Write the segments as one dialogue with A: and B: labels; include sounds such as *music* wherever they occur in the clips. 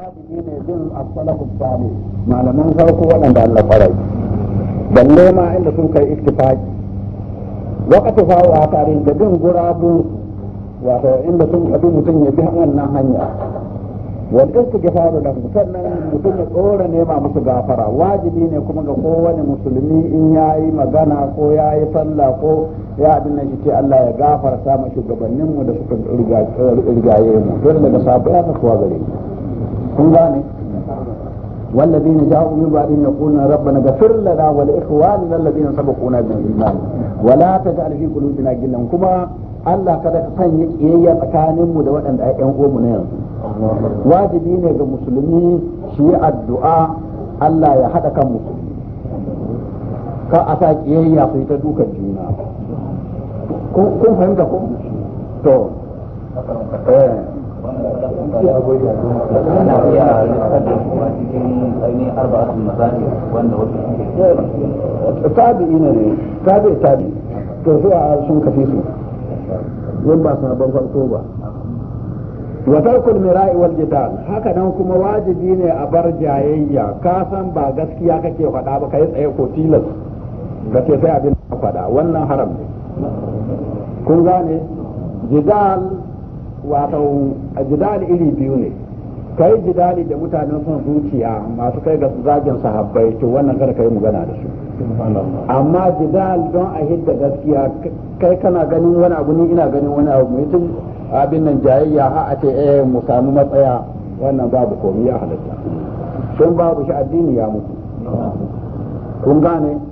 A: wajibi ne bin as-salafu malaman farko waɗanda Allah farai balle ma inda sun kai ittifaqi waqtu fa wa tarin da bin gurabu wato inda sun kadu mutum ya bi wannan hanya wanda su gafaru da sannan mutum ya tsora nema musu gafara wajibi ne kuma ga kowane musulmi in ya yi magana ko ya yi sallah ko ya abin nan ce Allah ya gafarta mu shugabanninmu da suka rigaye mu dole daga sabu ya kasuwa gare mu kun gane wallazi ne ja'u min rabba na rabbana ghfir lana wa li ikhwanina alladhina sabaquna bil iman wa la taj'al fi qulubina ghillan kuma Allah kada ka sanya kiyayya tsakanin mu da waɗanda ai ƴan na yanzu wajibi ne ga musulmi shi addu'a Allah ya haɗa kan musulmi ka a sa kiyayya su ta juna kun fahimta ko eh. ana iya lissafin kuma cikin ainihin arba'atun mazaji wanda wasu suke tabi'i ne ne tabi'i tabi'i to su a sun kafi su yin ba sabon farko ba wa tarkul mira'i wal jidal haka nan kuma wajibi ne a bar jayayya ka san ba gaskiya kake faɗa ba kai tsaye ko tilas ka ce sai abin faɗa wannan haram ne kun gane jidal wato jidali iri biyu ne kai jidali da mutanen son zuciya masu kai ga zagin sahabbai to wannan kada kai magana da su amma jidal don a hidda gaskiya kai kana ganin wani abu ni ina ganin wani abu mai tun abin nan jayayya ha a ce eh mu samu matsaya wannan babu komai a halatta sun babu shi addini ya mutu kun gane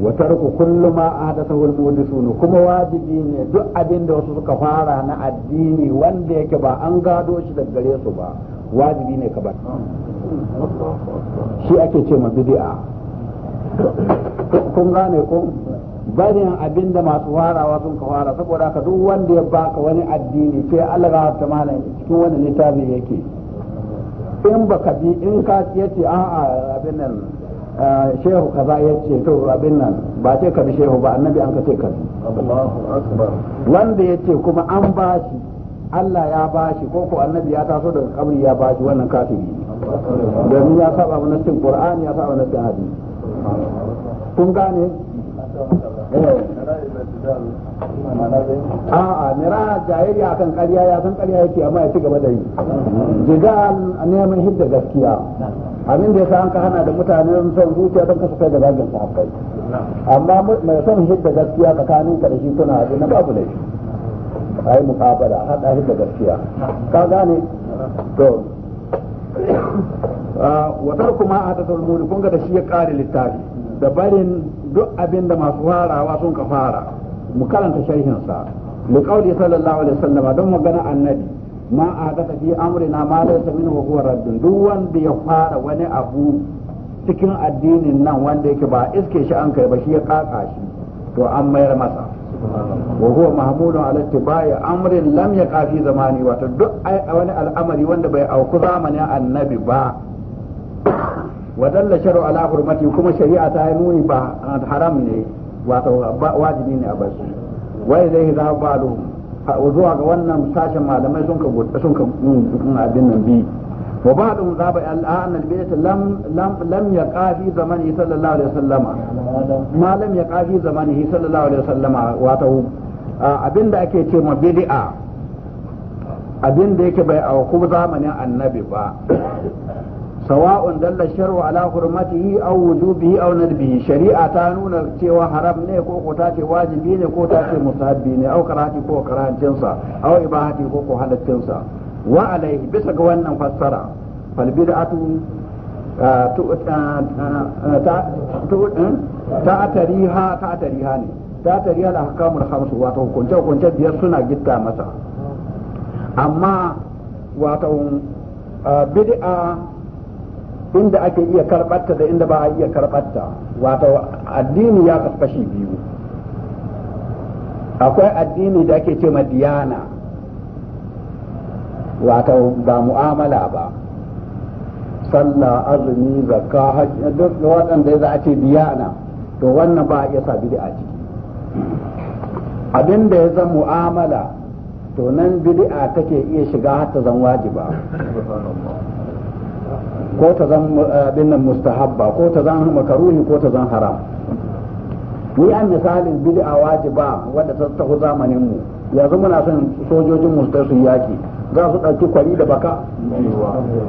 A: wa tarku kullu ma ahdathahu al-muhdisun kuma wajibi ne duk abin da wasu suka fara na addini wanda yake ba an gado shi daga gare su ba wajibi ne ka bar shi ake ce ma bid'a kun gane ko barin abin da masu farawa sun ka fara saboda ka duk wanda ya baka wani addini sai Allah ga ta cikin wani littafi yake in baka bi in ka yace a'a abin nan shehu kaza ya ce to abin nan ba ce ka bi shehu ba annabi an ka ce ka wanda ya ce kuma an ba shi Allah ya ba shi ko ko annabi ya taso daga kabri ya ba shi wannan kafiri domin ya saba wa nassin qur'ani ya saba wa nassin hadisi kun gane
B: a'a mira
A: jayiri akan ƙarya ya san ƙarya yake amma ya ci gaba da yi jiga neman hidda gaskiya abin da ya sa an ka hana da mutanen son zuciya don kasa kai da zagin sahabbai amma mai son hidda gaskiya ka tsakanin ka da shi suna abin na babu laifi a yi muƙabala haɗa hidda gaskiya ka gane to ah, watar kuma a ta kun ga da shi ya ƙare littafi da barin duk abin da masu farawa sun ka fara mu karanta sharhin sa li qawli sallallahu alaihi wasallam don magana annabi ma adatha fi amrina ma laysa minhu huwa raddun duk wanda ya fara wani abu cikin addinin nan wanda yake ba iske shi an kai ba shi ya kaka shi to an mayar masa wa huwa mahmudun ala tibai amrin lam yaqa fi zamani wato duk wani al'amari wanda bai auku zamanin annabi ba wadalla sharu ala hurmati kuma shari'a ta nuni ba haram ne wato wajibi ne a basu su wai zai za ba zuwa ga wannan sashen malamai sun ka sun ka abin nan bi wa za zaba al'an al-bid'ah lam lam lam yaqafi zamani sallallahu alaihi wasallama ma lam yaqafi zamani sallallahu alaihi wasallama wato abinda ake ce ma bid'a abinda yake bai a ku zamanin annabi ba sawa'un dalla shar'u ala hurmatihi aw wujubihi aw nadbihi shari'a ta nuna cewa haram ne ko ko ta ce wajibi ne ko ta ce musabbi ne aw karahati ko karancin sa aw ibahati ko ko halaccin sa wa alaihi bisa ga wannan fassara fal bid'atu ah, ah, ah, ta'atariha eh, ta'atariha ne ta'atariha al-ahkamul khams wato hukunce hukunce biyar suna gitta masa amma wato bid'a inda ake iya karɓarta da inda ba a iya karɓarta wato addini ya kasfashi biyu akwai addini da ake ce diyana wato ba mu'amala ba sallah azumi zakka hajji duk waɗanda za a ce diyana to wannan ba a iya sa bid'a ciki abinda da ya zama mu'amala to nan bid'a take iya shiga har ta zan wajiba ko ta zan abin nan mustahabba ko ta zan makaruhi ko ta zan haram ni an misalin bid'a wajiba wadda ta taho zamanin mu yanzu muna son sojojin mu su yaki za su dauki kwari da baka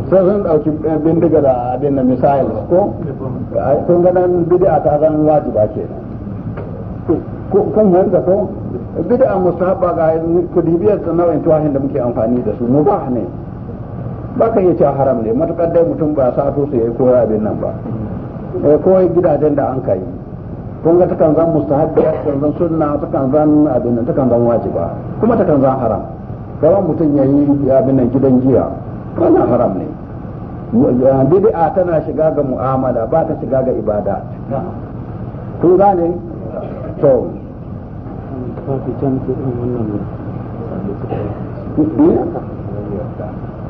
A: sai sun dauki eh, bindiga da abin nan misayil ko kun ga nan bid'a ta zan wajiba ke kun hanta ko bid'a mustahabba ga kudibiyar nau'in tuwahin da muke amfani da su ba ne ba ka iya cewa haram ne matukar dai mutum ba sa su yi koya abin nan ba ya eh, ko gidajen da an ka yi kun ga takan zan mustahabbi takan zan sunna takan zan abin nan takan zan wajiba kuma takan zan haram kawai mutum ya yi abin nan gidan giya wannan haram ne bid'a tana shiga ga mu'amala ba ta shiga ga ibada kun gane to fi can wannan ne eh?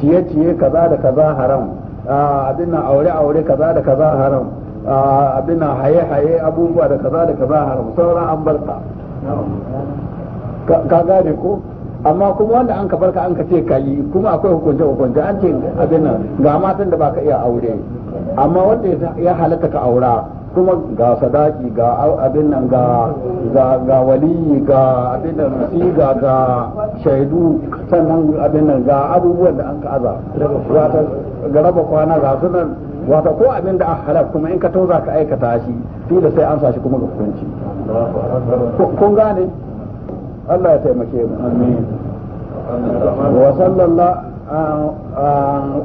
A: ciye-ciye kaza da kaza haram ah, abin aure-aure kaza da kaza haram ah, abin haye-haye abubuwa da kaza da kaza haram sauran an barka ka gane ko amma kuma wanda an ka barka an ka ce ka yi kuma akwai hukunce hukunce an ce abin nan ga matan da baka iya aure amma wanda ya halatta ka aura kuma ga sadaki ga abin nan ga ga wali ga abin nan siga ga shaidu sannan abin nan ga abubuwan da an ka aza wata ga raba kwana ga su nan wata ko abin da aka halal kuma in ka tauza ka aikata shi fi da sai an sa shi kuma ga hukunci kun gane Allah ya taimake mu amin wa sallallahu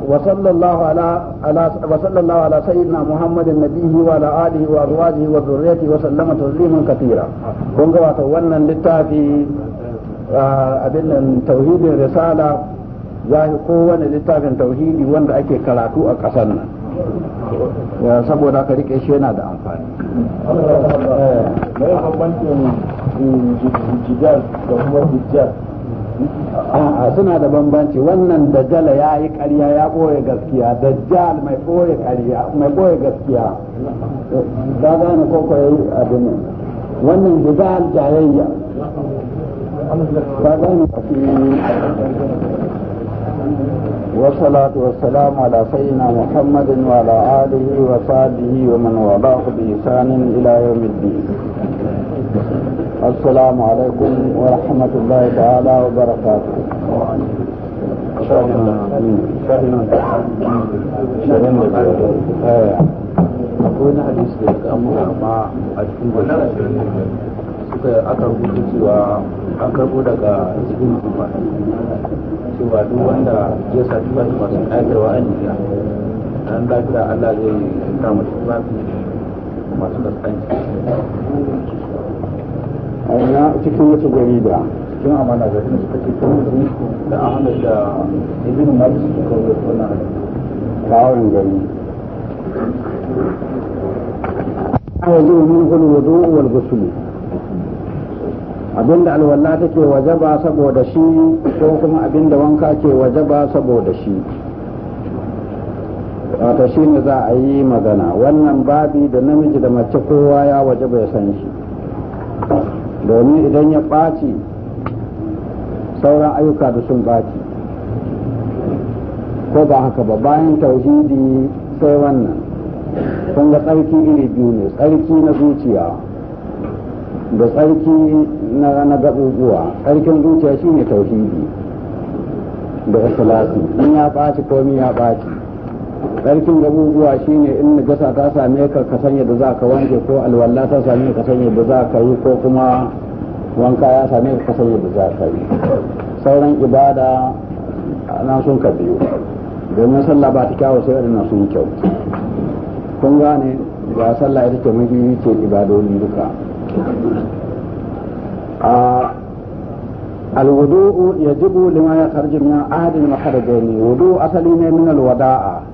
A: وصلى الله على على وصلى الله على سيدنا محمد النبي وعلى اله وازواجه وذريته وسلم تسليما كثيرا kun ga wato wannan littafi abin tauhidin risala ya yi kowane littafin tauhidi wanda ake karatu a ƙasar nan saboda ka rike shi yana da amfani eh, eh, da kuma a'a suna da bambanci wannan dajjala ya yi ƙarya ya ɓoye gaskiya dajjal mai ɓoye ƙarya mai ɓoye gaskiya ta gane ko ko yayi abin nan wannan dajjal jayayya ta gane والصلاة والسلام على سيدنا محمد وعلى آله وصحبه ومن والاه بإحسان إلى يوم الدين السلام عليكم ورحمة الله تعالى وبركاته akwai hadisi da a cikin suka aka rubuta cewa an duk wanda ya sa tuba da masu aikarwa a Allah zai kama masu kasance a cikin wata jarida cikin amana da kuma suka cikin mutum da ahmad da ibn malik suka kawo wannan kawon gari
B: yanzu min kullu
A: wudu wal ghusl abinda alwala take wajaba saboda shi ko kuma abinda wanka ke wajaba saboda shi wata shi ne za a yi magana wannan babi da namiji da mace kowa ya wajaba ya san shi domin idan ya ɓaci sauran ayyuka da sun ɓaci ko ba haka ba bayan tauhidi sai wannan kun ga tsarki iri biyu ne tsarki na zuciya da tsarki na na gaɓuɓuwa tsarkin zuciya shine tauhidi da ikhlasi in ya ɓaci komi ya ɓaci tsarkin gabubuwa shine in gasa ta same ka ka sanya da za ka wanke ko alwala ta same ka sanya da za ka yi ko kuma wanka ya same ka sanya da za ka yi sauran ibada nan sun ka biyu domin sallah ba ta kyawo sai waɗannan sun kyau kun gane ba sallah ita ce mafi ce ibadoni duka الوضوء يجب لما يخرج من أحد wudu asali أصلي من الوداعة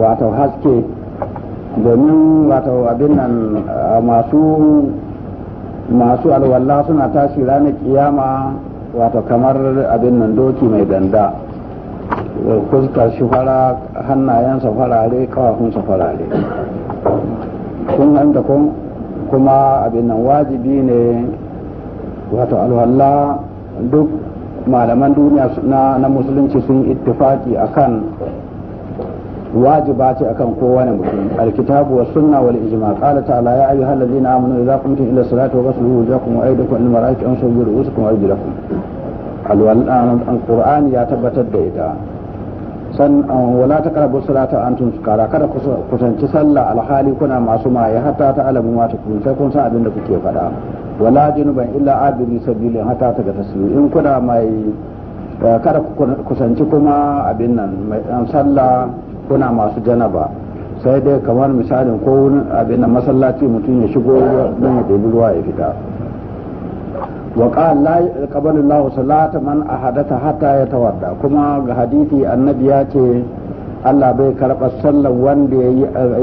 A: wato haske domin wato abin nan masu masu alwala suna tashi ranar kiyama wato kamar abin nan doki mai danda fuskar shi fara hannayensa farare kawafinsa farare kun hanta kuma abin nan wajibi ne wato alwala duk malaman duniya na musulunci sun ittifaki akan wajiba ce akan kowane mutum alkitabu was wal ijma qala ta'ala ya ayyuhal ladina ila salati wa ya tabbatar da ita san um, wala taqrabu salata alhali kuna ma tukun sai kun abin da kuke faɗa wala junuban illa abiri sabilin hatta eh, kuma kuna masu janaba sai dai kamar misalin ko wurin abin masallaci mutum ya shigo don ya ɗebi ruwa ya fita salata man a hadata hata ya أحدث kuma ga hadithi annabi ya ce Allah bai karɓa sallar wanda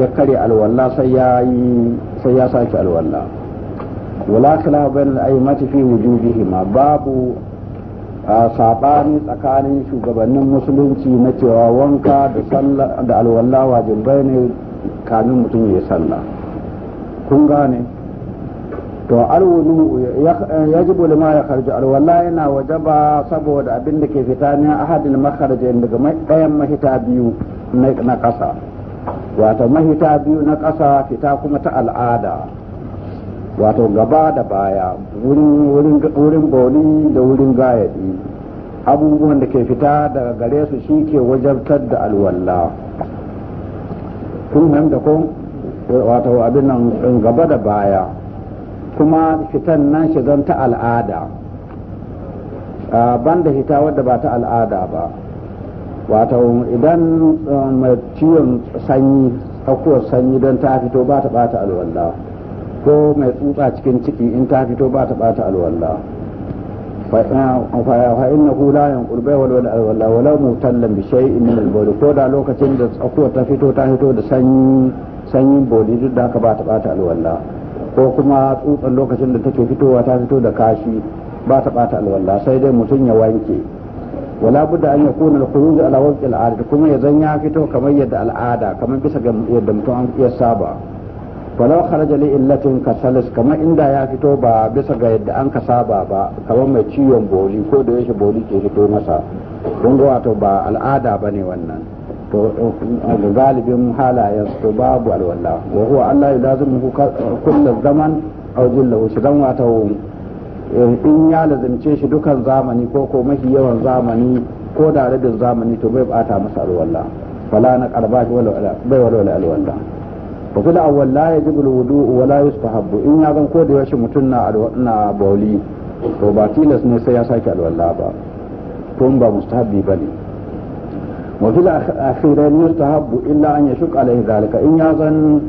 A: ya kare alwalla sai ya yi sai ya sake alwala wala kala bayan al'aimati fi wujuhihima babu a sabani tsakanin shugabannin musulunci na cewa wanka da sallah da alwala wajibai ne kamin mutum ya yi sallah kun gane to ya ji lima ya karji alwala yana ba saboda abin da ke fita ne ahadin makarje daga ɗayan mahita biyu na ƙasa wato mahita biyu na ƙasa fita kuma ta al'ada wato gaba da baya wurin boli da wurin gayadi abubuwan da ke fita daga gare su shi ke wajabtar da alwalla kun nan da ko wato abin nan gaba da baya kuma fitan nan shi zan ta al'ada banda fita wadda ba ta al'ada ba wato idan eh, mai ciwon sanyi akwai sanyi don ta fito ba ta bata alwallah ko mai tsutsa cikin ciki in ta fito ba ta bata alwala fa eh, inna hu la yanqul bai wal wal alwala wala mutallan bi shay'in min al bawli ko da lokacin da tsakuwa ta fito ta fito da sanyi sanyin bawli duk da ka ba ta bata alwala ko kuma tsutsan lokacin da take fitowa ta fito da kashi ba ta bata alwala sai dai mutum ya wanke wala budda an yakuna al khuruj ala waqti al kuma ya zan ya fito kamar yadda al'ada kamar bisa ga yadda mutum ya saba walau kharaja li illatin kasalis kamar inda ya fito ba bisa ga yadda an ka saba ba kamar mai ciwon boli ko da yake boli ke fito masa don wato ba al'ada bane wannan to ga galibin halayen to babu alwala wa huwa Allah ya ku kullu zaman aw jillahu shi dan wato eh, in ya lazimce shi dukan zamani ko ko mafi yawan zamani ko da rabin zamani to bai bata masa alwala fala na karba shi wala bai wala alwala wa kula awwal la jibul wudu wa la yustahabbu in ya gan ko da yashi mutum na na bauli to ba tilas ne sai ya sake alwala ba to ba mustahabbi bane wa fil akhirin yustahabbu illa an yashuk alaihi zalika in ya zan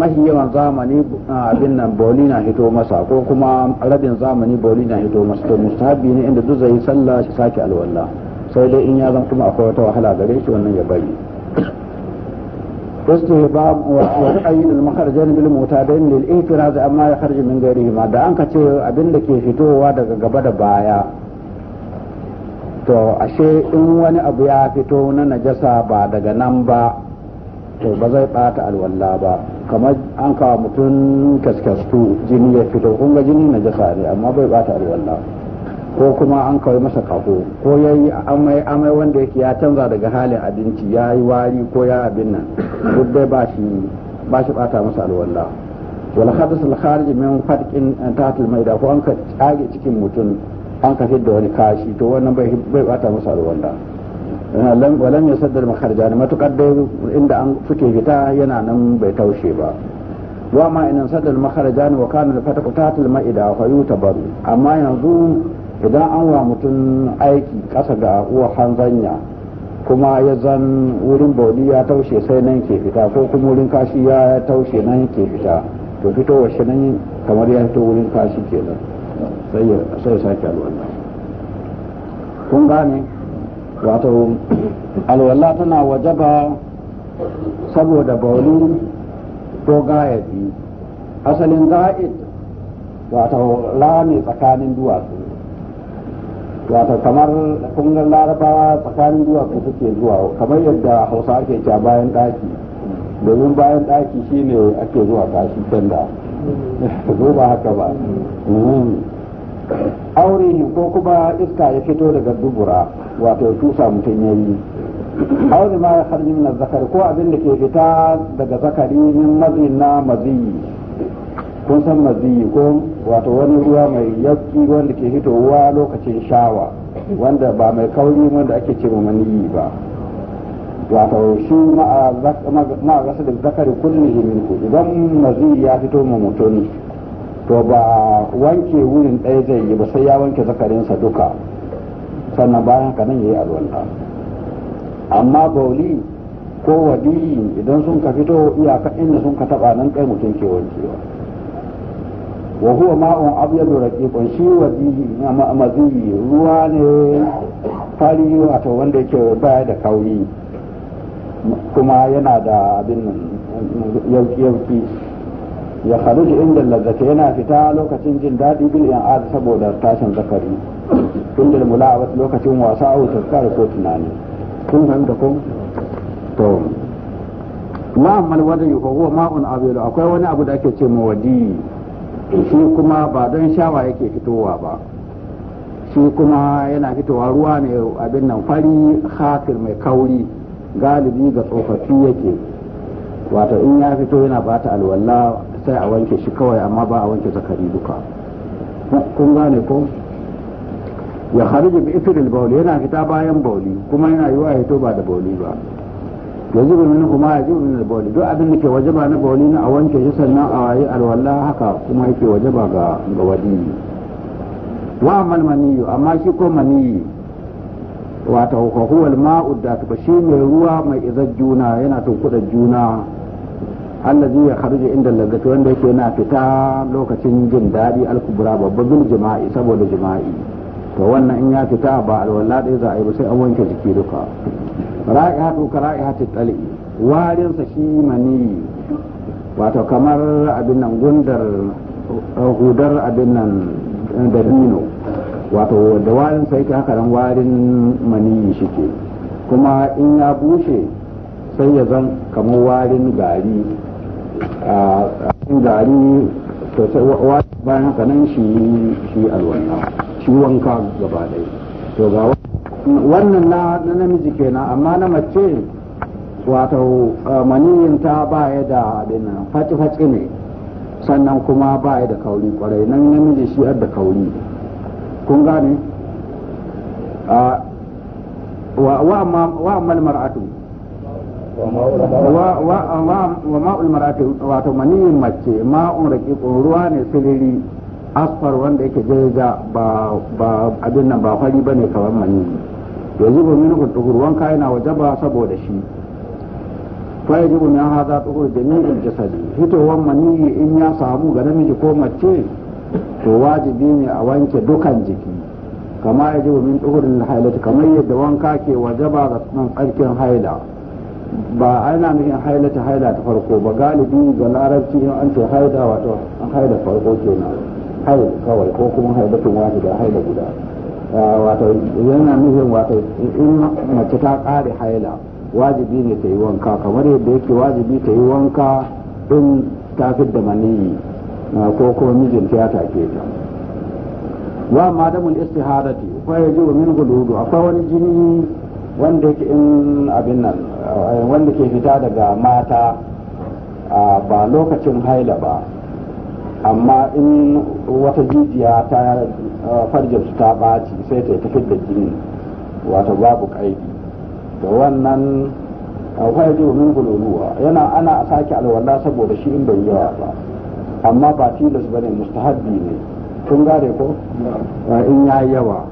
A: mahi yawan zamani abin nan bauli na hito masa ko kuma rabin zamani bauli na hito masa to mustahabbi ne inda duk zai sallah shi sake alwala sai dai in ya zan kuma akwai wata wahala gare shi wannan ya bari استهباب وتأييد المخرجين amma ya أما min من ma da an ka ce abin da ke fitowa daga gaba da baya to ashe in wani abu ya fito na najasa ba daga nan ba to ba zai bata alwalla ba kamar an kawo mutum kaskastu jini ya fito kun ga jini najasa ne amma bai bata alwalla ko kuma an kawai masa kaho ko ya yi amai amai wanda yake ya canza daga halin abinci ya yi wari ko ya abin nan duk dai ba shi ba bata masa alwala wala hadis al kharij min fatqin tatil maida ko an ka tsage cikin mutum an ka fidda wani kashi to wannan bai bai bata masa alwala lam walam yasaddar makharajan matukar dai inda an suke fita yana nan bai taushe ba wa ma in sadar makharajan wa kana al fatqu tatil maida fa yutabaru amma yanzu idan an wa mutum aiki ƙasa ga uwar hanzanya kuma ya zan wurin bauli ya taushe sai nan ke fita ko kuma wurin kashi ya taushe nan ke fita to wa shi nan kamar ya fito wurin kashi ke nan. sai ya sake alwala kun gane wato alwala tana wajaba saboda bauli ko gayabi asalin ga'id wato rami tsakanin duwatsu wato kamar kungar Laraba tsakanin zuwa duwatsu suke zuwa kamar yadda hausa ake cewa bayan daki domin bayan daki shine ake zuwa kashi tanda zo ba haka ba hmm. aure ko kuma iska ya fito daga dubura wato ya tusa mutum ya yi aure ma ya harbi na zakari ko abin da ke fita daga zakari min mazi na mazi kun san mazi ko wato wani ruwa mai yaki wanda ke hitowa lokacin shawa wanda ba mai kauri wanda ake ce maniyi ba wato shi ma'a da zakari kullum himinku idan mazi ya fito ma mutum to ba wanke wurin ɗaya zai yi ba sai ya wanke zakarinsa duka sannan bayan kanan ya yi alwanta amma bauli ko wadiyi idan sun ka fito iyaka inda sun ka taɓa nan kai mutum ke wankewa wa huwa ma'un abyadu raqiqun shi wadi maziyi ruwa ne fari wato wanda yake baya da kauri kuma yana da abin nan yauki yauki ya kharuju inda lazzata yana fita lokacin jin daɗi bil yan'ad saboda tashin zakari tun da mula'a lokacin wasa a wutar ko tunani kun fahimta ko to wa amma alwadi ko huwa ma'un abyadu akwai wani abu da ake ce mawadi shi kuma ba don shawa yake fitowa ba shi kuma yana fitowa ruwa ne abin nan fari hafir mai kauri galibi ga tsofaffi yake wato in ya fito yana ba ta alwala sai a wanke shi kawai amma ba a wanke zakari duka kun gane ko ya harbi bi ifiril bauli yana fita bayan bauli kuma yana yiwa ya fito ba da bauli ba yajibu min kuma yajibu min bawli duk abin da ke wajaba na bawli na a wanke shi sannan a wayi alwala haka kuma yake wajaba ga ga wadini wa amal maniyu amma shi ko maniyi wato ko huwa al-ma'u da ta shi mai ruwa mai izar juna yana kuɗa juna allazi ya kharuje inda lagatu wanda yake yana fita lokacin jin daɗi alkubra babban bil jima'i saboda jima'i to wannan in ya fita ba alwala ɗaya za a yi ba sai an wanke jiki duka ra'ihatu ka ra'ihati tali warin sa shi mani wato kamar abin nan gundar hudar abin nan da dino wato da warin sa yake haka warin mani shi ke kuma in ya bushe sai ya zan kamar warin gari a gari sosai bayan haka nan shi alwanna shi wanka gaba ɗaya to ga wannan na na namiji kenan amma na mace wato eh, maniyin ta baya da abin faci-faci ne sannan kuma baya da kauri kwarai nan namiji shi da kauri kun gane ah, wa amma mar'atu
B: wa
A: ma'ul mar'atu wato maniyin mace ma'un raƙiƙun ruwa ne siriri afar wanda yake zai ga ba abin nan ba fari bane kamar mani zuba ba mini kutuhur wanka yana waje ba saboda shi fa yaji min hada tuhur ji sadi hitowar mani in ya samu ga namiji ko mace to wajibi ne a wanke dukan jiki kama ya yaji min da hailat kamar yadda wanka ke waje ba ga tsarkin haila ba ana nufin haila ta haila ta farko ba galibi ga larabci in an ce haida wato an haida farko kenan Hai kawai ko kuma haibatun da haila guda ah, wato yana nufin wato in mace ta kare haila wajibi ne ta yi wanka kamar yadda yake wajibi ta yi wanka in ta da maniyi ah, ko kuma mijinta ta ke ta wa madamul istiharati fa wa min guludu akwai wani jini wanda yake in abin nan ah, wanda ke fita daga mata ba lokacin haila ba amma in wata jijiya ta uh, farjar su ta ɓaci sai ta tafi da jini wata babu ƙaidi da wannan uh, fayar da min gulonuwa yana ana a sake alwala saboda shi in bai yawa ba amma ba tilas ba ne mustahabbi ne kun gare ko uh, in ya yawa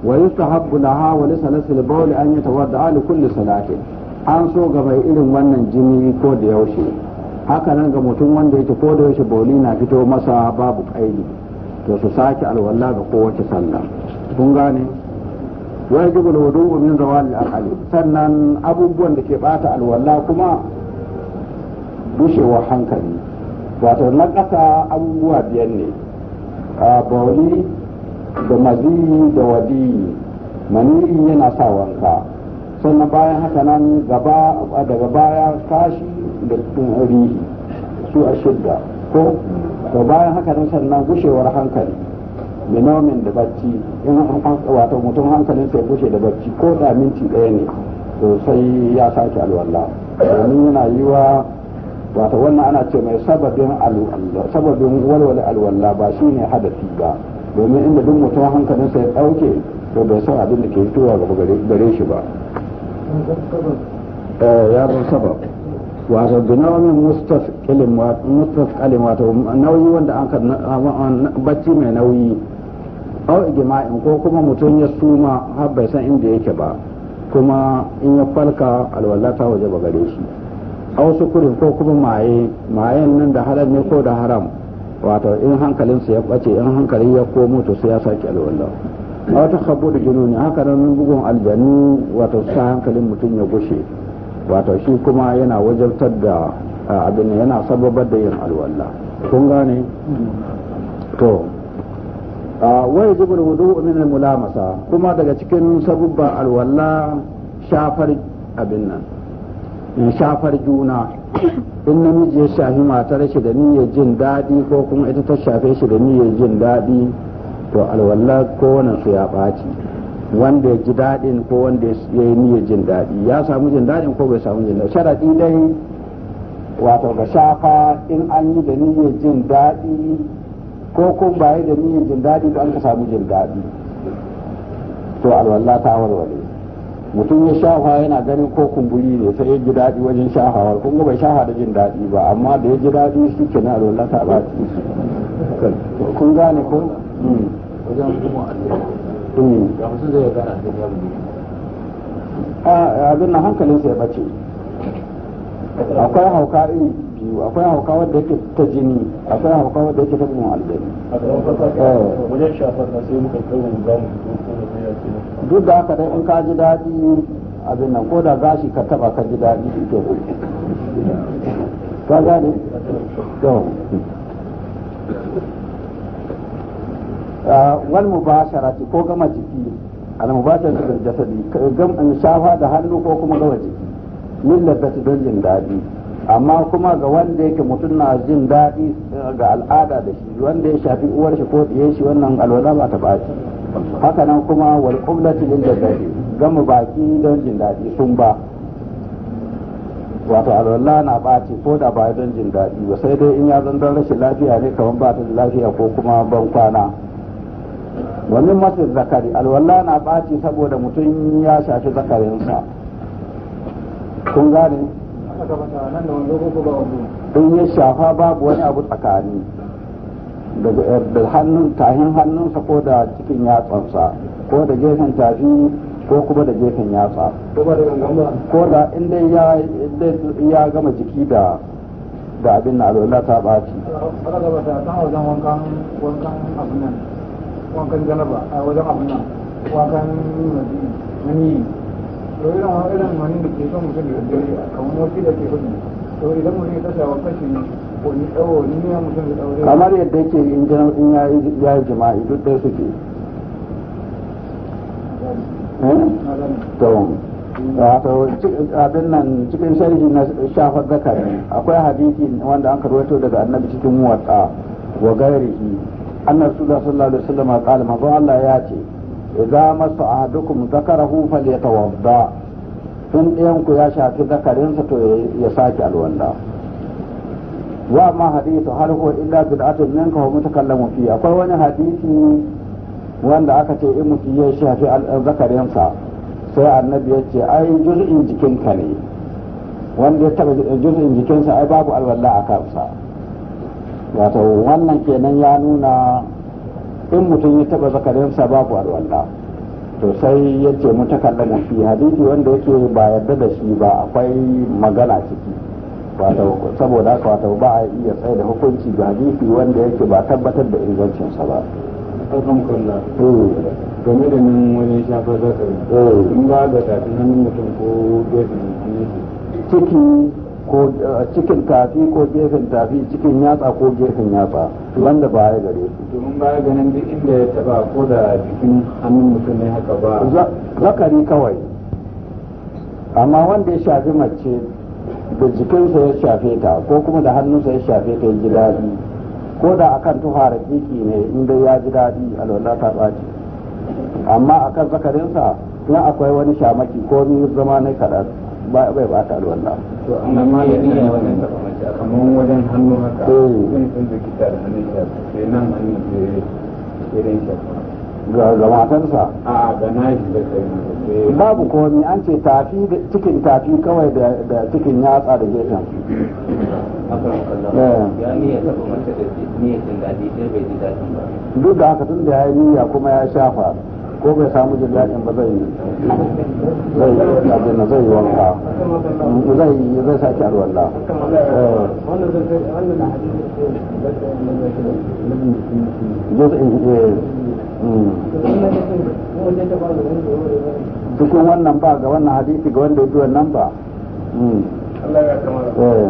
A: wa yustahabbu laha wa lisa salasil bawl an yi yatawadda li kulli salatin an so ga mai irin wannan jini ko da yaushe haka nan ga mutum wanda yake ko da yake boli na fito masa babu kaidi to su sake alwala ga kowace sallah kun gane wai jibul wudu min zawal al sannan abubuwan da ke bata alwala kuma bushewa hankali wato na kasa abubuwa biyan ne a bauli da mazi da wadi mani yana sa wanka sannan bayan haka nan gaba daga baya kashi da rihi su a shidda ko to bayan haka nan sannan gushewar hankali da nomin da bacci in wato mutum hankalin sai gushe da bacci ko da minti ɗaya ne to sai ya sake alwala domin yana yiwa wata wannan ana ce mai sababin alwala sababin walwala alwala ba shine hadafi ba domin inda duk mutum hankalin sai ɗauke to bai san abin da ke fitowa gare shi ba eh, ya sabab wato wani mustafqilin mustafqalin wato nauyi wanda an ka bacci mai nauyi au igma'in ko kuma mutum ya suma har bai san inda yake ba kuma in ya falka alwala ta waje ba gare shi au sukurin ko kuma maye mayen nan da haram ne ko da haram wato in hankalinsa ya bace in hankali ya komo to sai ya sake alwala a wata da jununi haka nan bugun aljanu wato sa hankalin mutum ya gushe wato shi kuma yana wajabtar da abin yana sababar da yin alwala kun gane to wai zubin wudu min mulamasa kuma daga cikin sabubban alwala shafar abin nan shafar juna in namiji ya shafi matar shi da niyya jin daɗi ko kuma ita ta shafe shi da niyya jin daɗi to alwala kowane su ya ɓaci wanda ya ji daɗin ko wanda ya yi niyyar jin daɗi ya samu jin daɗin ko bai samu jin daɗi sharaɗi dai wato ga shafa in an yi da niyyar jin daɗi ko kun ba da niyyar jin daɗi ko an ka samu jin daɗi to alwala ta warware mutum ya shafa yana ganin ko kumburi ne sai ya ji daɗi wajen shafawar kuma bai shafa da jin daɗi ba amma da ya ji daɗi shi ke na alwala ta ba kun gane ko
B: hmm. wajen kuma
A: abin na hankalin sai bace akwai hauka iri biyu akwai hauka wadda yake ta jini akwai hauka wadda yake ta kuma aljani eh. duk da haka dai in ka ji daɗi abin nan ko da gashi ka taba ka ji daɗi ke ka gane wal mubasharati ko gama jiki al mubasharati da jasadi gam shafa da hannu ko kuma gama jiki min labbati don jin daɗi amma kuma ga wanda yake mutum na jin daɗi ga al'ada da shi wanda ya shafi uwar shi ko ɗiye shi wannan alwala ba ta baci haka nan kuma wal qublati lil jasadi gama baki don jin daɗi sun ba wato alwala na ɓaci ko da ba don jin daɗi ba sai dai in ya zan rashin lafiya ne kamar ba ta da lafiya ko kuma ban kwana wannan min masu zakari alwala na ɓaci saboda mutum ya shafi zakarinsa kun gane in ya shafa babu wani abu tsakani eh, da hannun tahin hannunsa ko da cikin yatsansa ko da gefen tafi ko kuma da gefen yatsa ko da inda ya gama jiki da da abin na alwala ta ɓaci wankan janaba a wajen abin nan wankan mani to irin irin mani da ke son mutum da daddare a kamar wasu da ke hudu to idan mu mutum ya tasha wa kashi ni tsawo ni ya mutum da tsawo kamar yadda yake in in ya yi jima'i duk ɗaya suke eh? to abin nan cikin sharhi na shafar zakari akwai hadisi wanda an karwato daga annabi cikin muwatta wa gairihi anna rasulullah sallallahu alaihi wasallam qala manzo Allah ya ce idza masu ahadukum zakarahu falyatawadda in tun ku ya shafi zakarinsa to ya sake alwanda wa ma hadithu har huwa illa bid'atun minka wa mutakallamu fi akwai wani hadisi wanda aka ce in mutum ya shafi zakarinsa sai annabi ya ce ai juz'in jikinka ne wanda ya taba juz'in jikinsa ai babu alwala a kansa wato wannan kenan ya nuna in mutum ya taba zakarinsa babu alwala to sai ya ce mu takallamu fi hadisi wanda yake ba yarda da shi ba akwai magana ciki wato saboda haka wato ba a iya tsaye da hukunci ga hadisi wanda yake ba tabbatar da ingancinsa ba hmm. game da nan wani shafa in hmm. ba ga tafi nan mutum ko gefe ciki ko eh, cikin tafi ko gefen tafi cikin yatsa ko gefen yatsa wanda ba ya gare su domin ba ya ganin duk inda ya taba ko da jikin hannun mutum ne haka ba zakari kawai amma wanda ya shafi mace da jikinsa ya shafe ta ko kuma da hannunsa ya shafe ta ya ji daɗi ko da akan tufa kiki ne inda ya ji daɗi alwala ta tsaci amma akan zakarinsa na akwai wani shamaki ko ni zama ne kaɗan bai ba ta alwala to amma malami ya wannan taba wajen hannu haka
B: sun sun da kita da hannun sai nan
A: hannun sai sai ran ga ga matansa a ga nashi da kai babu komai an ce tafi da cikin tafi kawai da da cikin yatsa da gefen
B: eh. da
A: duk da haka tun da ya yi niyya kuma ya shafa ko bai samu jin daɗin ba zai zai na zai yi wanka zai yi zai sake alwala eh. cikin wannan ba ga wannan hadisi ga wanda ya ji wannan ba hmm.
B: Allah ya kamar eh.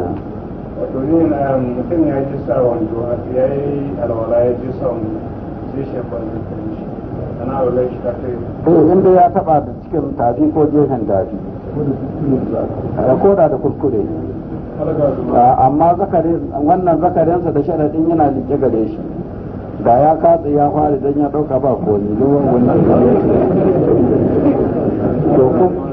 B: wato yin um, mutum ya ji sa wando ya yi
A: alwala ya ji sa wando sai shekwan da ta yi shi eh inda ya taba da cikin tafi ko jehen tafi eh, ko da da kuskure ah, amma wannan zakarinsa da sharaɗin yana liƙe gare shi da ya katse ya fara don ya ɗauka ba ko ne
B: to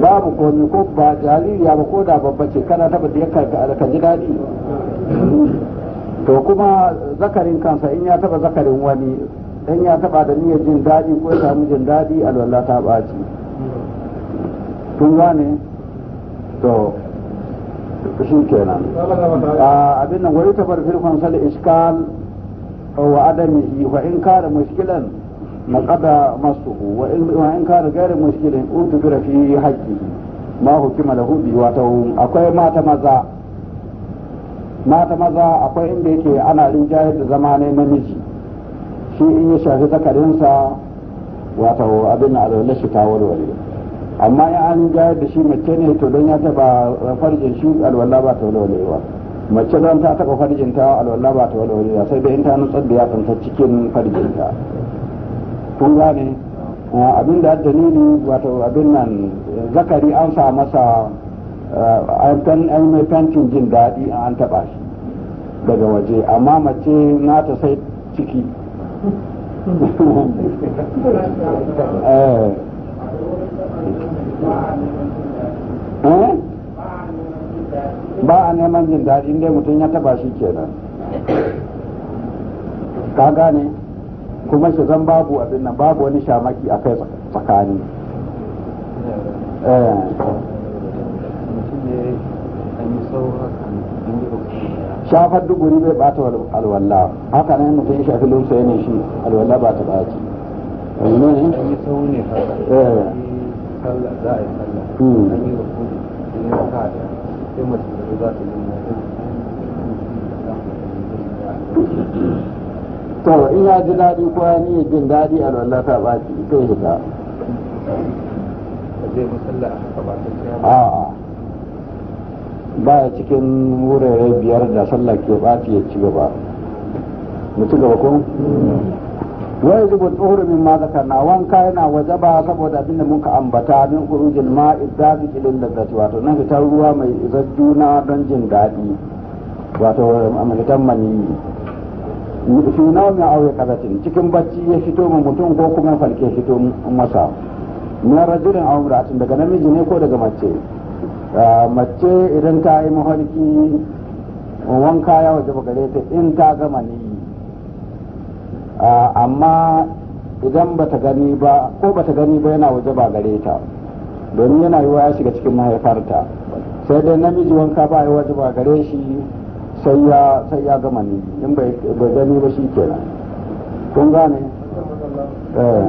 B: babu komi
A: ko ba jariri ba ko da babba ce kana taba da yakan ji daɗi to kuma zakarin kansa in ya taba zakarin wani in ya taba da niyyar jin daɗi ko ya samu jin daɗi alwala ta ɓaci tun gane to shi kenan ah, abin nan wani tabar firkon sal iskal وعدمه وإن كان مشكلا نقضى مصه وإن كان غير مشكل أعتبر في حجه ما حكم له بواتو أكوي مات مزا mata maza akwai inda yake ana rinjayar da zama ne namiji shi in ya shafi zakarinsa wato abin alwala shi ta warware amma in an rinjayar da shi mace ne to don ya taba farjin shi alwala ba ta warwarewa mace don ta taɓa farjinta a ba ta ya sai dai in ta nutsar da ta cikin farjinta kun gane ah, abin da nini, wato abin nan zakari an sa masa ah, an mai fentin jin daɗi an taɓa shi daga waje amma mace na ta sai ciki
B: *laughs* eh, eh?
A: ba a neman jin daɗi inda mutum ya taba shi kenan ka gane kuma shi zan babu abin nan babu wani shamaki a kai tsakani eh. shafar duguri bai bata alwalla haka nan mutum ya shafi lumsa ne shi alwalla ba ta baci
B: ne
A: Ina ji da za ni yi to in ji daɗi ko ya niyyar jin daɗi a lalla ta ɓaci ita ya a'a baya cikin wurare biyar da sallah ke ɓaci ya ci gaba mu ci gaba ko mm. wai zubin tsohon min ma zakarna wanka yana wajaba saboda abin da muka ambata min kurujin ma idza zikilin lazzati wato nan ta ruwa mai izar juna don jin daɗi wato amalitan maniyi shi na mai aure kazatin cikin bacci ya fito mu mutum ko kuma falke fito masa na rajulin a umratin daga namiji ne ko daga mace ah, mace idan ta yi mafarki wanka ya wajaba gare ta in ta gama ni. amma idan bata gani ba ko bata gani ba yana waje ba gare ta domin yana yiwa ya shiga cikin mahaifarta sai dai namiji wanka ba ya waje ba gare shi sai ya sai ya gama ni in bai gani ba shi kenan kun gane eh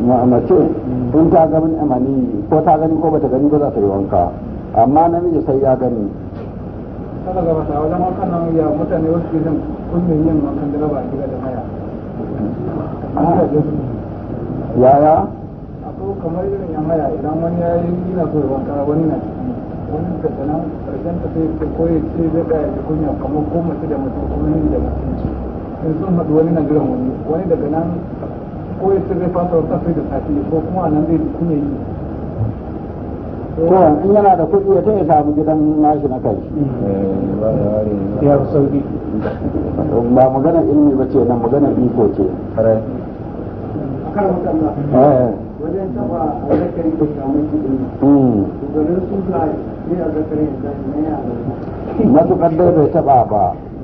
A: mace in ta gamin amani ko ta gani ko bata gani ba za ta yi wanka amma namiji sai ya gani sana gaba ta wajen wankan nan ya mutane wasu ke jin kunnen yin wankan direba a gida da haya yaya akwai kamar irin yan haya idan wani ya yi gina so wanka wani na wani daga nan karshen ta sai ce ko ya ce zai tsaya da kunya kamar ko mace da mutum ko namiji da mutum in sun haɗu wani na jiran wani daga nan ko ya ce zai fasa wata sai da safi ko kuma nan zai kuma yi to in yana da kuɗi ya taya samu gidan nashi na kai mm.
B: eh, ya sauki
A: ba magana ilimi ba ce nan maganar iko ce eh.
B: wajen mm. a ne
A: ne dai bai taba ba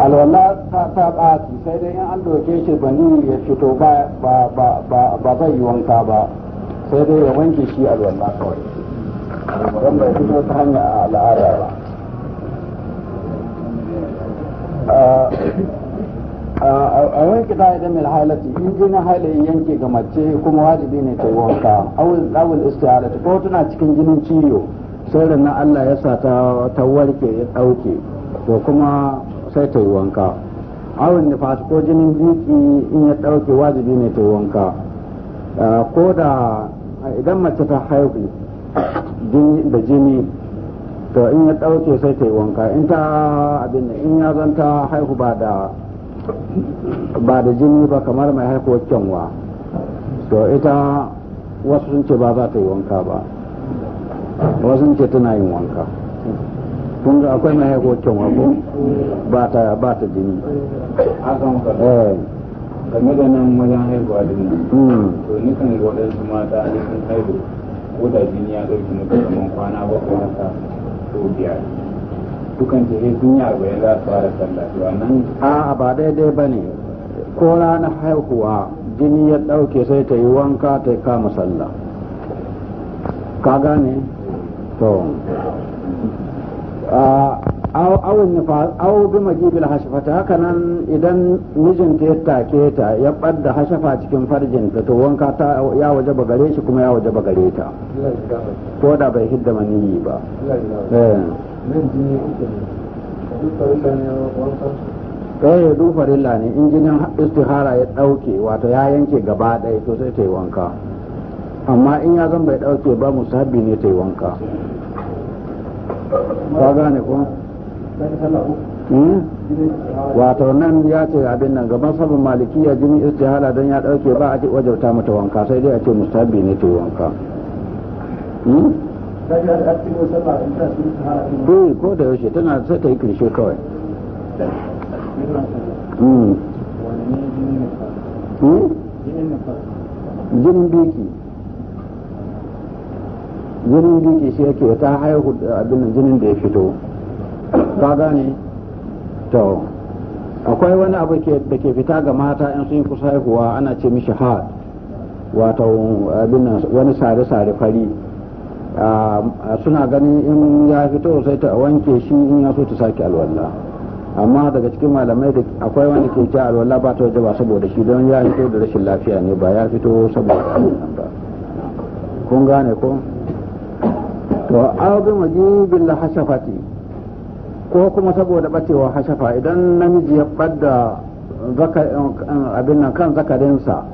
B: alwala
A: ta ta ɓaci sai dai in an doke shi bani ya fito ba ba zai yi wanka ba sai dai ya wanke shi alwala kawai don bai fito ta hanya a al'ada ba a wanke ta idan mil halatti in jinin halayen yanke ga mace kuma wajibi ne ta yi wanka awul ta ko tana cikin jinin ciyo sirrin na Allah ya sa ta warke ya ɗauke to kuma sai ta yi wanka awon da ko jinin jiki in ya ɗauke wajibi ne ta yi wanka ko da idan mace ta haihu da jini to in ya ɗauke sai ta yi wanka in ta abin in ya zan ta haihu ba da ba da jini ba kamar mai haihuwar kyanwa to ita wasu sun ce ba za ta yi wanka ba wasu ce tana yin wanka kun ga akwai mai haiko kyanwa ko ba ta ba ta jini eh. game da nan wajen haihuwa din nan hmm. to kan ga waɗansu mata ne sun haihu ko da jini ya ɗauki mutu kamar kwana ba bakwai haka ko biyar dukan ce sai sun yi arba'in za su fara sallah to nan a'a ba daidai ba ne ko ranar haihuwa jini ya ɗauke sai ta yi wanka ta kama sallah ka gane to au bi majibil hashafata haka nan idan mijinta ya take ta ya ɓadda hashafa cikin farjinta to wanka ta ya waje ba gare shi kuma ya waje ba ta ko da bai hidda maniyi ba ɗaya eh. eh, dufarilla ne in jinin istihara ya ɗauke wato ya yanke gaba ɗaya to sai ta yi wanka amma in ya zan bai ɗauke ba mu sabi ne ta yi wanka ba gane ko hmm? wato nan ya ce abin nan gaban sabon malikiya jini istihala don ya ɗauke ba a wajauta mata wanka sai dai a ce musabbi ne ta yi wanka Dai hmm? eh, ko da yaushe tana sai ta yi kirshe kawai. Hmm? Jinin biki. jinin ke shi yake ta haihu abin jinin da ya fito ka gane to akwai wani abu da ke fita ga mata yan sun yi kusa haihuwa ana ce mishi hard wato abin wani sare-sare fari suna ganin in ya fito sai ta wanke shi in ya so ta sake alwala amma daga cikin malamai da akwai wani ke ce alwala ba ta ba saboda shi don ya fito da rashin lafiya ne ba ya fito saboda ba kun gane ko to abu wajibin la hashafati ko kuma saboda bacewa hashafa idan namiji ya zaka abin nan kan zakarinsa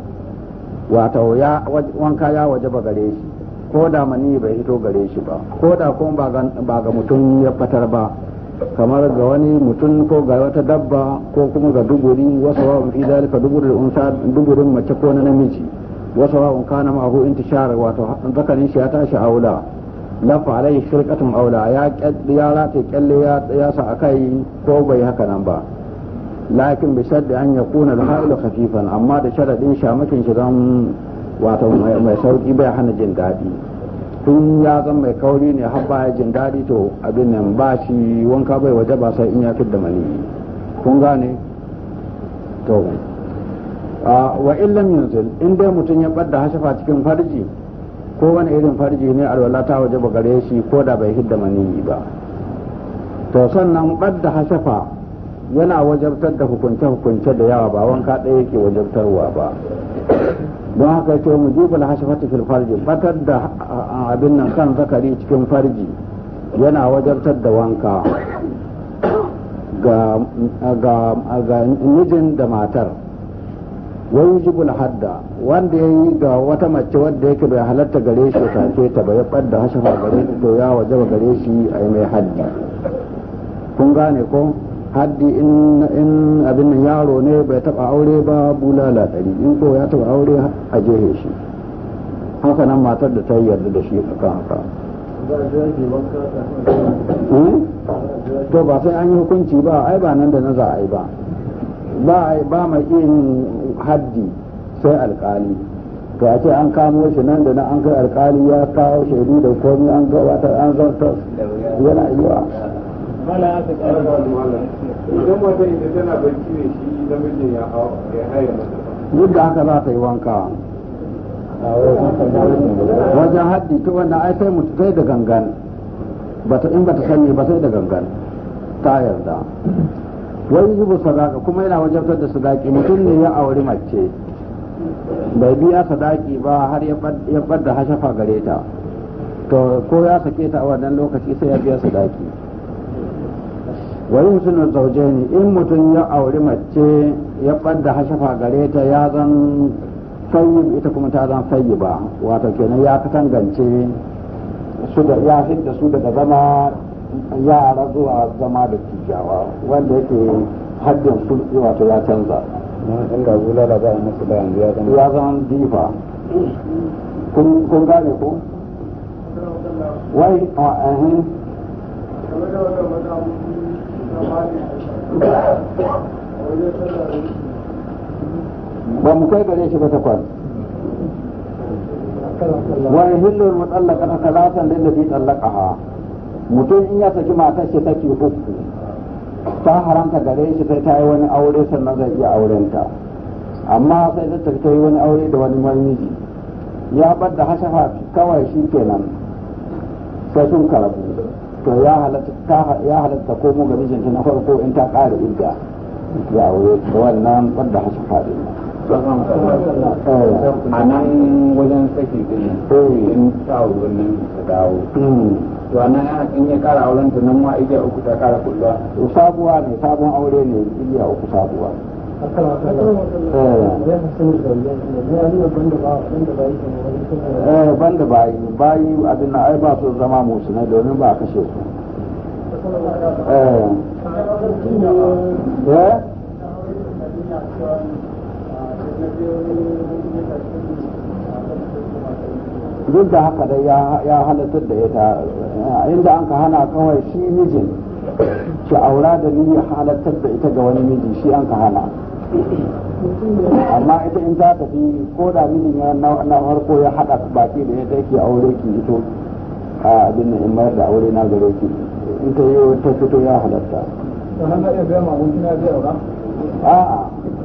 A: wato ya wanka ya ba gare shi ko da mani bai hito gare shi ba ko da kuma ba ga mutum ya fatar ba kamar ga wani mutum ko ga wata dabba ko kuma ga duguri wasu wa fi zalika duburin unsa duburin mace ko na namiji wasu wa kana ma'ahu intishar wato zakarin shi ya tashi aula lafa alai shirkatun aula ya ya kyalle ya sa akai ko bai haka nan ba lakin bi da an kuna da hailu khafifan amma da sharadin shamakin shi don wato mai sauki bai hana jin daɗi tun ya zan mai kauri ne har baya jin daɗi to abin nan ba shi wanka bai waje ba sai in ya da mani kun gane to wa illam yunzil in dai mutum ya ɓadda hashafa cikin farji ko wani irin farji ne alwalata ta waje ba gare shi ko da bai hidda maniyi ba to sannan ɓadda hashefa yana wajabtar da hukunce-hukunce da yawa ba wanka ɗaya yake wajabtarwa ba don haka ce mu jubal hashefa fil farji batar da abin nan kan zakari cikin farji yana wajabtar da wanka ga mijin da matar wajibul hadda wanda ya yi ga wata mace wanda yake bai halatta gare shi sake ta bai ɓadda hashafa gare shi to ya wajaba gare shi a mai haddi kun gane ko haddi in abin nan yaro ne bai taba aure ba bulala ɗari in ko ya taba aure a jehe shi haka matar da ta yi yarda da shi akan haka hmm? to ba sai an yi hukunci ba ai ba nan da na za a yi ba ba ba mai yin haddi sai alkali to a ce an kamo shi nan da nan an kai alkali ya kawo shaidu da komi an gabatar an ta yana yiwa duk da haka za ta yi wanka wajen haddi to wannan ai sai mutum sai da gangan ba ta in ba ta sani ba sai da gangan ta yarda wai zubu sadaka kuma yana wajabtar da sadaki mutum ne ya auri mace bai biya sadaki ba har ya da hashafa gare ta to ko ya sake ta a wannan lokaci sai ya biya sadaki wani mutum sauje ne in mutum ya auri mace ya da hashafa gare ta ya zan fayyib ita kuma ta zan fayyi ba wato kenan ya katangance su da ya hidda su daga zama yara zuwa zama da tijawa wanda yake haddin sulki wato ya canza in ga gula da ba musu da yanzu ya zama ya zama difa kun gane ko
B: wai a ahin eh.
A: ba mu kai gare shi ba takwas wai hillul mutallaqata salatan lillazi talaqaha mutum in ya saki matar shi saki uku ta haramta gare shi sai ta yi wani aure sannan zai iya aurenta amma sai ta ta yi wani aure da wani miji ya bar da hashafa kawai shi kenan sai sun karabu to ya halatta ko mu ga ta na farko in ta ƙara idda ya aure da wannan bar da hashafa din a nan wajen saki ko eh. in ta nan ta dawo hmm. to anan ana in ya kara auren ta nan ma igiya uku ta kara kulluwa to sabuwa ne sabon aure ne igiya uku sabuwa ban da bayi bayi abin ai ba su zama musu na domin ba a kashe su eh, eh? duk da haka dai ya halatar da ita inda an ka hana kawai shi mijin shi aura da ni ya halatar da ita ga wani miji shi an ka hana amma ita in za ta fi ko da mijin ya na farko ya haɗa baki da ita ke aure ki ito a abin in mayar da aure na gare ki in ta yi ta fito ya
B: halatta.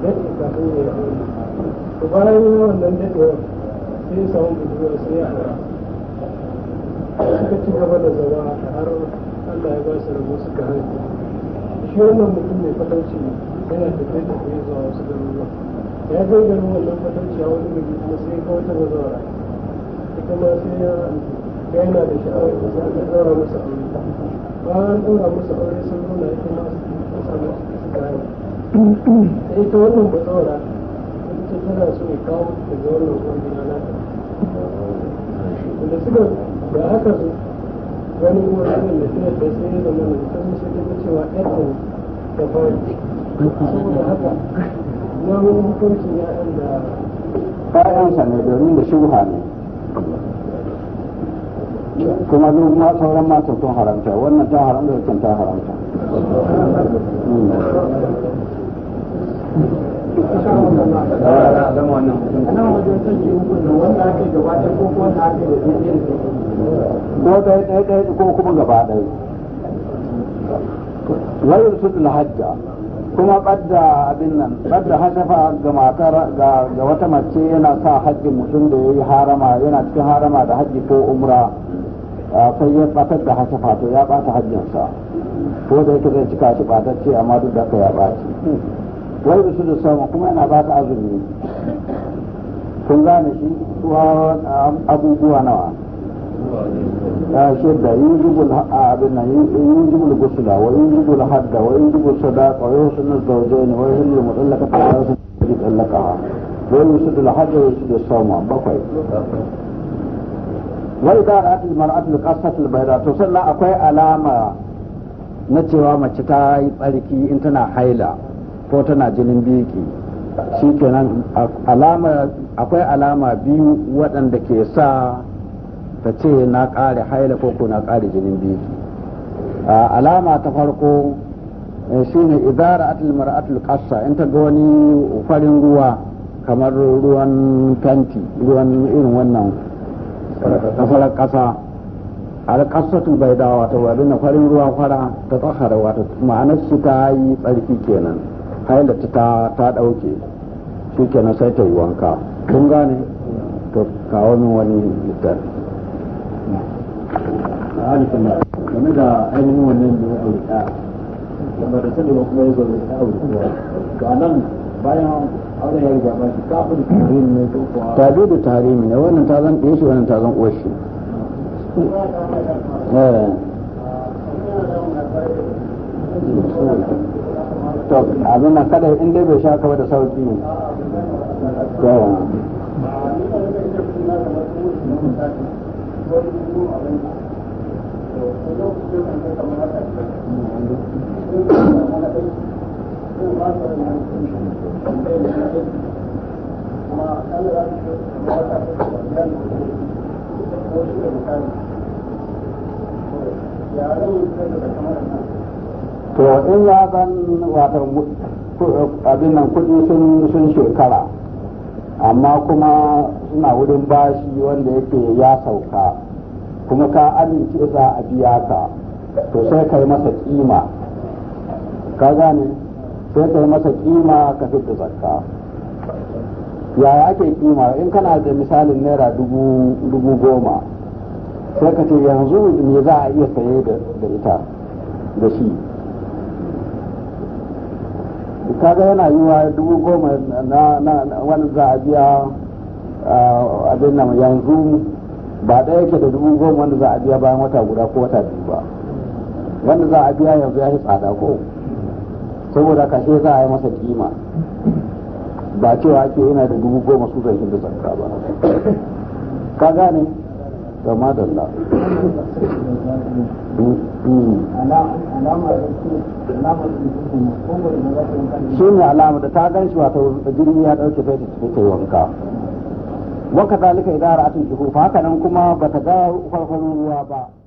B: to bayan wannan daɗewar sai samu bujuwar sai ya hara suka ci gaba da zama har Allah ya ba su rabu suka haihu shi wannan mutum mai fatanci yana tafiye tafiye zuwa wasu garuruwa ya kai garin wannan fatanci a wani gari kuma sai ya kawo ta bazawara ita ma sai ya yana da sha'awar da za a ɗaura musu aure bayan ɗaura musu aure sun nuna ita ma su samu ita wannan ba batsawara ita tana so ya kawo daga wannan kungina na da suka da haka su wani kuma suka da suna da sai ya zama da sun shi ta cewa ɗan da fara saboda haka na wani hukuncin ya'yan da
A: ƴaƴansa ne domin da shubha ne kuma duk ma sauran matan sun haramta wannan ta haramta da ta haramta ko ɗaya ɗaya ɗaya ko kuma gaba ɗaya wayar su hajja kuma ɓadda abin nan ɓadda hashafa ga matar ga wata mace yana sa hajji mutum da ya yi harama yana cikin harama da hajji ko umra sai ya ɓatar da hashafa to ya ɓata hajjinsa ko da yake zai cika shi ɓatacce amma duk da ka ya ɓaci wai su da samu kuma yana ba ta azumi sun gane shi abubuwa nawa ya yi yujibul abin nan yujibul gusula wa da hadda wa yujibul sadaqa wa yusnu zawjaini wa yusnu mutallaqata wa yusnu mutallaqaha wa yusnu hadda wa da sama bakwai wai da ra'atul mar'atul qasatul bayda to sannan akwai alama na cewa mace ta yi tsarki in tana haila ko tana jinin biki shikenan alama akwai alama biyu waɗanda ke sa ta ce na ƙare haila ko ko na ƙare jinin biki alama ta farko eh, shine idara atul mar'atul qassa in ta ga wani farin ruwa kamar ruwan fenti ruwan irin wannan kasarar ƙasa alƙasatu bai dawa ta wadin farin ruwa fara ta tsakara wata ma'anar shi ta yi tsarki kenan kayan da ta ta dauke shi kenan sai ta yi wanka kun gane to kawo min wani littar game da ainihin wannan da ya aurita wanda da sani ba kuma ya zo ya aurita to a nan bayan auren ya riga ba shi kafin tarihi ne ko kuwa tabi da tarihi ne wannan ta zan ɗaya shi wannan ta zan uwar shi eh. to abin nan kada in dai bai sha kawai da sauki to to in ya zan wato abin nan kudi sun sun shekara amma kuma suna wurin bashi wanda yake ya sauka kuma ka amince za a biya ka to sai kai masa kima ka gane sai kai masa kima ka fita zakka yaya ake kima in kana da misalin naira dubu goma sai ka ce yanzu me za a iya saye da ita da shi kaga yana yi wa dubu goma na wani za a biya abin nan yanzu ba ɗaya yake da dubu goma wanda za a biya bayan wata guda ko wata biyu ba wanda za a biya yanzu ya fi tsada ko saboda kashe za a yi masa kima ba cewa ake yana da dubu goma su zai da zanka ba ka gane da madalla shi ne alama da ta gan shi wato jirgi ya ɗauke ta ta
B: wanka wanka zalika idan ra'atun juhu haka nan kuma bata ga farfarin ruwa ba